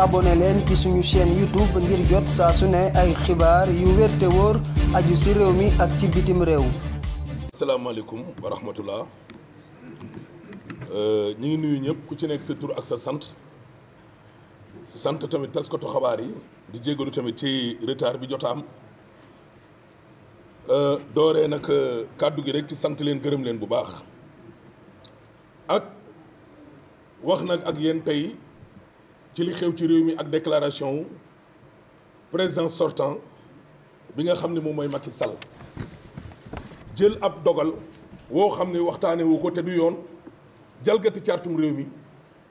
abonné leen ci suñu chaîne YouTube ngir jot saa su ne ay xibaar yu wér wóor aju si réew mi ak ci bitim réew. asalaamaaleykum wa rahmatullah euh, ñi ngi nuyu ñëpp ku ci nekk sa tur ak sa sant sant tamit taskatu xabaar yi di jégalu tamit ci retard bi jot am euh, dooree nag euh, kàddu gi rek ci sant leen gërëm leen bu baax ak wax nag ak yéen tey. ci li xew ci réew mi ak déclaration wu président sortant bi nga xam ne moom mooy Macky sal jël ab dogal woo xam ne waxtaane ko te du yoon jalgati cartum réew mi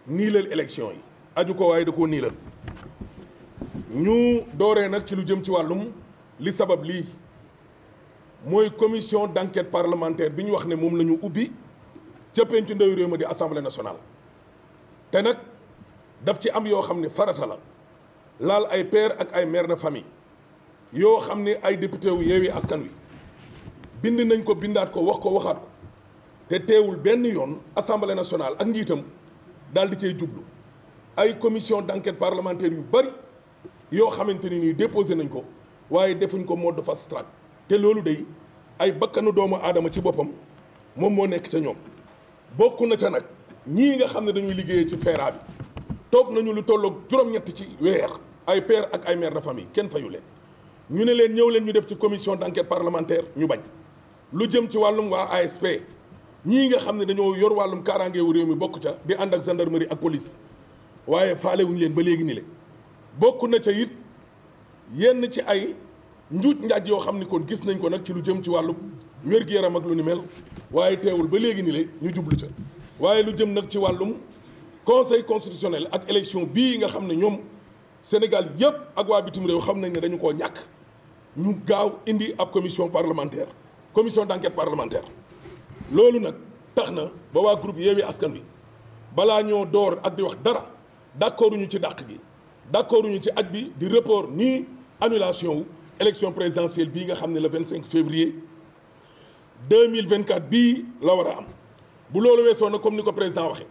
niilal élection yi aju ko waaye da koo niilal ñu dooree nag ci lu jëm ci wàllum li sabab lii mooy commission d'enquête parlementaire bi ñu wax ne moom la ñu ubbi ca pencu ndawi réew ma di assemblée nationale te nag daf ci am yoo xam ne farata la laal ay père ak ay mère de famille yoo xam ni ay député wu yeewi askan wi bind nañ ko bindaat ko wax ko waxaat ko te teewul benn yoon assemblée nationale ak njiitam daal di cay jublu ay commission d'enquête parlementaire yu bari yoo xamante ni nii déposé nañ ko waaye defuñ ko mode fast track te loolu day ay bakkanu doomu aadama ci boppam moom moo nekk ca ñoom bokk na ca nag ñii nga xam ne dañuy liggéeye ci feeraa bi toog nañu lu tollook juróom-ñett ci weer ay père ak ay meer de famille kenn fayu leen ñu ne leen ñëw leen ñu def ci commission d'enquête parlementaire ñu bañ lu jëm ci wàllum waa ASP ñii nga xam ne dañoo yor wàllum kaaraangeewu réew mi bokk ca di ànd ak gendarmerie ak police waaye faale leen ba léegi ni le bokk na ca it yenn ci ay njuuj njaaj yoo xam ni kon gis nañ ko nag ci lu jëm ci wàllu wér yaram ak lu ni mel waaye teewul ba léegi ni le ñu jublu ca waaye lu jëm nag ci wàllum conseil constitutionnel ak élection bii nga xam ne ñoom Sénégal yépp ak waa bitim réew xam nañ ne dañu ko ñàkk ñu gaaw indi ab commission parlementaire commission d'enquête parlementaire loolu nag tax na ba waa groupe Yewwi Askan Wi balaa ñoo door ak di wax dara d'accorduñu ci dàq gi d'accorduñu ci aj bi di report ni annulation wu élection présidentielle bii nga xam ne le 25 février 2024 bii la war a am bu loolu weesoo nag comme ni ko président waxee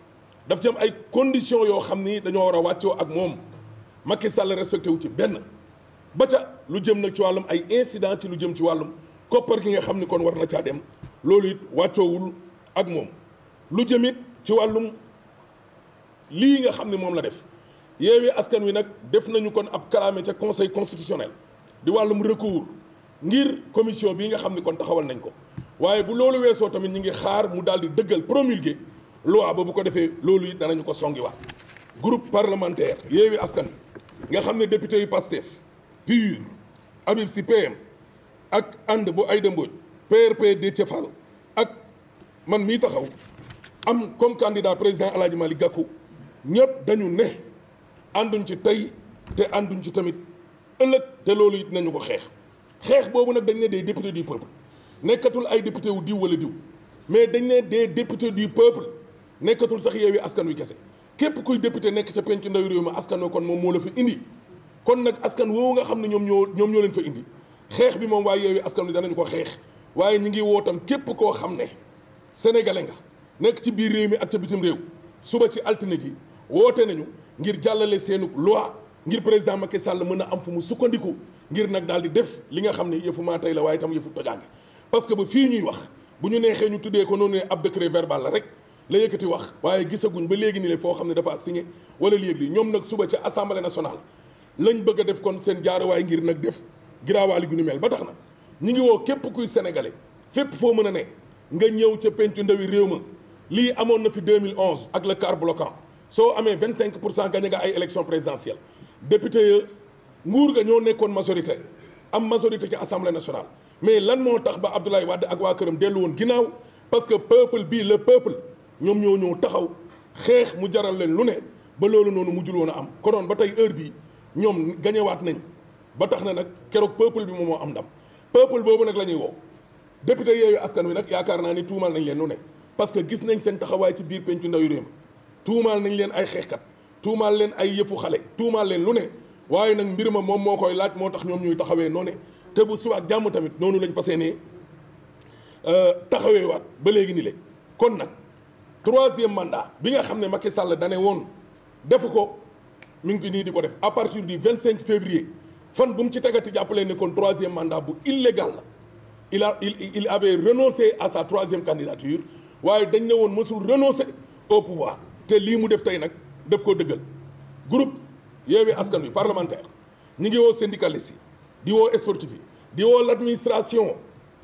daf jëm ay conditions yoo xam ni dañoo war a wàccoo ak moom Macky Sall respecté wu ci benn ba ca lu jëm nag ci wàllum ay incident ci lu jëm ci wàllum koppar gi nga xam ni kon war na caa dem loolu it wàccoowul ak moom lu jëm it ci wàllum lii nga xam ni moom la def yeewee askan wi nag def nañu kon ab kalaame ca conseil constitutionnel di wàllum recours ngir commission bii nga xam ni kon taxawal nañ ko waaye bu loolu weesoo tamit ñu ngi xaar mu daal di dëggal promulguer loi ba bu ko defee loolu it danañu ko songiwaat groupe parlementaire Yewwi Askan Wi nga xam ne député yu Pastef PUR Habib Sy PM ak ànd bu ay Aïda Mbodj PRP Déthié Fall ak man mii taxaw am comme candidat président El Hadj Malick Gakou ñëpp dañu ne ànduñ ci tey te ànduñ ci tamit ëllëg te loolu it nañu ko xeex xeex boobu nag dañ ne des députés du peuple nekkatul ay député wu diw wala diw mais dañ ne des députés du peuple nekkatul sax Yewwi Askan Wi kese képp kuy député nekk ca penc ndawi réew mi askan wi kon moom moo la fa indi kon nag askan woowu nga xam ne ñoom ñoo ñoom ñoo leen fa indi xeex bi moom waaye Yewwi Askan Wi danañ ko xeex waaye ñi ngi wootam képp koo xam ne sénégalais nga nekk ci biir réew mi ak ca bitim réew suba ci altine ji woote nañu ngir jàllale seenu loi ngir président Macky Sall mën a am fu mu sukkandiku ngir nag daal di def li nga xam ne yëfu maa tey la waaye itam yëfu tojaange parce que ba fii ñuy wax bu ñu neexee ñu tuddee ko noonu ne ab décret verbal la rek la yëkkati wax waaye gisaguñ ba léegi nii la foo xam ne dafa signé wala léegi li ñoom nag suba ca assemblée nationale lañ bëgg a def kon seen jaaruwaay ngir nag def giraawaali gu ni mel ba tax na ñu ngi woo képp kuy sénégalais fépp foo mën a ne nga ñëw ca pencu ndawi réew ma lii amoon na fi 2011 ak le quart bloquant soo amee 25 pour cent gagné nga ay élection présidentielle député ya nguur ga ñoo nekkoon majorité am majorité ci assemblée nationale mais lan moo tax ba Abdoulaye Wade ak waa këram dellu woon ginnaaw parce que peuple bii le peuple ñoom ñoo ñëw taxaw xeex mu jaral leen lu ne ba loolu noonu mu mujjul woon a am konoon ba tey heure bii ñoom gañewaat nañ ba tax na nag keroog peuple bi moom moo am ndam peuple boobu nag la ñuy woo député yooyu askan wi nag yaakaar naa ni tuumal nañ leen lu ne parce que gis nañ seen taxawaay ci biir pencu ndawi réew mi tuumaal nañ leen ay xeexkat tuumaal leen ay yëfu xale tuumaal leen lu ne waaye nag mbir ma moom moo koy laaj moo tax ñoom ñuy taxawee noone te bu suba ak jàmm tamit noonu lañ fas yéenee euh, taxawee waat ba léegi ni le kon nag troisième mandat bi nga xam ne Macky Sall dane woon defu ko mi ngi nii di ko def à partir du vingt cinq février fan bu mu ci tegati jàppale ne kon troisième mandat bu illégal la il a il il avait renoncé à sa troisième candidature waaye dañ ne woon mësul renoncer au pouvoir te lii mu def tey nag def ko dëggal groupe Yewwi Askan Wi parlementaire ñu ngi woo syndicalistes yi di woo sportif yi di woo l'administration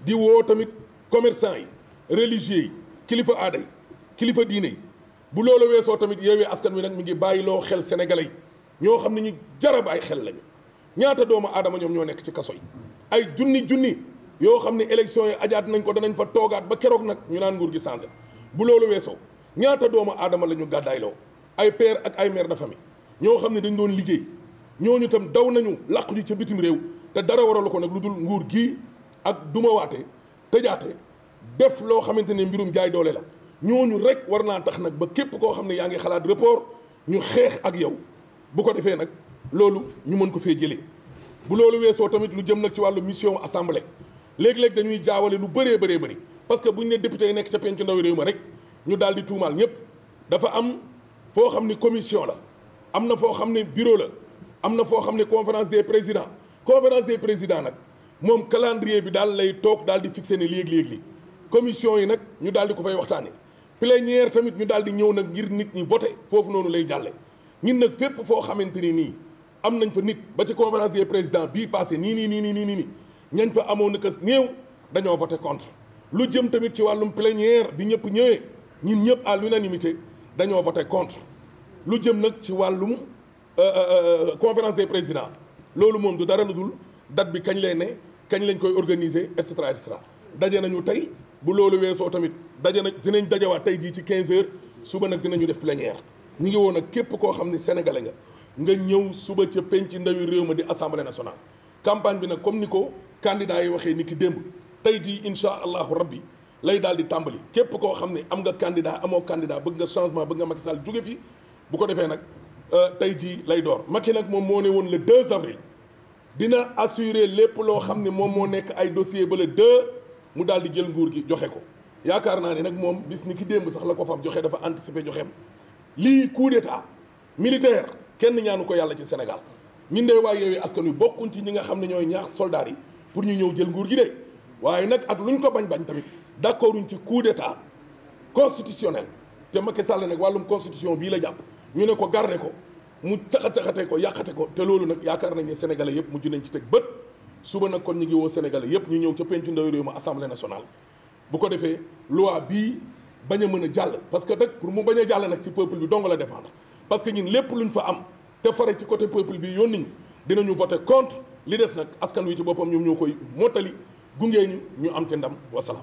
di woo tamit commerçant yi religieux yi kilifa aada kilifa diine yi bu loolu weesoo tamit yeewee askan wi nag mi ngi bàyyiloo xel sénégalais yi ñoo xam ne ñu jarab ay xel lañu ñaata doomu aadama ñoom ñoo nekk ci kaso yi ay junni junni yoo xam ne élection yi ajaat nañ ko danañ fa toogaat ba keroog nag ñu naan nguur gi changé bu loolu weesoo ñaata doomu aadama la ñu gàddaayloo ay père ak ay mère de famille ñoo xam ne dañ doon liggéey ñooñu tam daw nañu làqu ji ca bitim réew te dara waralu ko nag lu dul nguur gii ak dumawaate tëjaate def loo xamante ne mbirum jaay doole la ñooñu rek war naa tax nag ba képp koo xam ne yaa ngi xalaat report ñu xeex ak yow bu ko defee nag loolu ñu mën ko fee jëlee bu loolu weesoo tamit lu jëm nag ci wàllu mission assemblée léeg-léeg dañuy jaawale lu bëree bëree bëri parce que bu ñu ne député yi nekk ca penc ndaw réew ma rek ñu daal di tuumaal ñëpp dafa am foo xam ne commission la am na foo xam ne bureau la am na foo xam ne conférence des présidents conférence des présidents nag moom calendrier bi daal lay toog daal di fixé ne léeg-léeg li commission yi nag ñu daal di ko fay waxtaanee plénière tamit ñu daal di ñëw nag ngir nit ñi voté foofu noonu lay jàlle ñun nag fépp foo xamante ni nii am nañ fa nit ba ci conférence des présidents bii passé nii nii nii nii nii nii ñañ fa amoon na kës néew dañoo voté contre lu jëm tamit ci wàllum plénière bi ñëpp ñëwee ñun ñëpp à l'unanimité dañoo voté contre lu jëm nag ci wàllum euh, euh, euh, conférence des présidents loolu moom du dara lu dul bi kañ lay ne kañ lañ koy organiser et cetera daje nañu tey bu loolu weesoo tamit daje na dinañ dajewaat tey jii ci quinze heures suba nag dinañu def plénière ñu ngi woon ak képp koo xam ni sénégalais nga nga ñëw suba ca penc ndawi réew ma di assemblée nationale. campagne bi nag comme ni ko candidat yi waxee ni ki démb tey jii incha allahu rabbi lay daal di tàmbali képp koo xam ni am nga candidat amoo candidat bëgg nga changement bëgg nga Macky Sall juge fi bu ko defee nag euh, tey jii lay door Macky nag moom moo ne woon le 2 avril dina assurer lépp loo xam ni moom moo nekk ay dossier ba le 2. mu daal di jël nguur gi joxe ko yaakaar naa ne nag moom bis ni ki démb sax la ko fab joxe dafa anticiper joxeem lii coup d'état militaire kenn ñaanu ko yàlla ci Sénégal ñun de waaye yooyu askan wi bokkuñ ci ñi nga xam ne ñooy ñaax soldats yi pour ñu ñëw jël nguur gi de waaye nag ak ñu ko bañ-bañ tamit d'accorduñ ci coup d'état constitutionnel te Macky Sall nag wàllum constitution bii la jàpp ñu ne ko garder ko mu caxa-caxate ko yàqate ko te loolu nag yaakaar nañ ne sénégalais yëpp mujj nañ ci teg bët suba nag kon ñu ngi woo Sénégalais yépp ñu ñëw ca pencu ndaw réew ma assemblée nationale bu ko defee loi bii bañ a mën a jàll parce que nag pour mu bañ a jàll nag ci peuple bi dong la dépendre parce que ñun lépp luñ fa am te fare ci côté peuple bi yónni ñu dinañu voter contre li des nag askan wi ci boppam ñoom ñoo koy mottali gungee ñu ñu am ci ndam wasalaam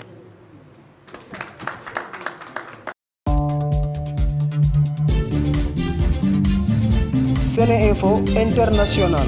SeneInfo International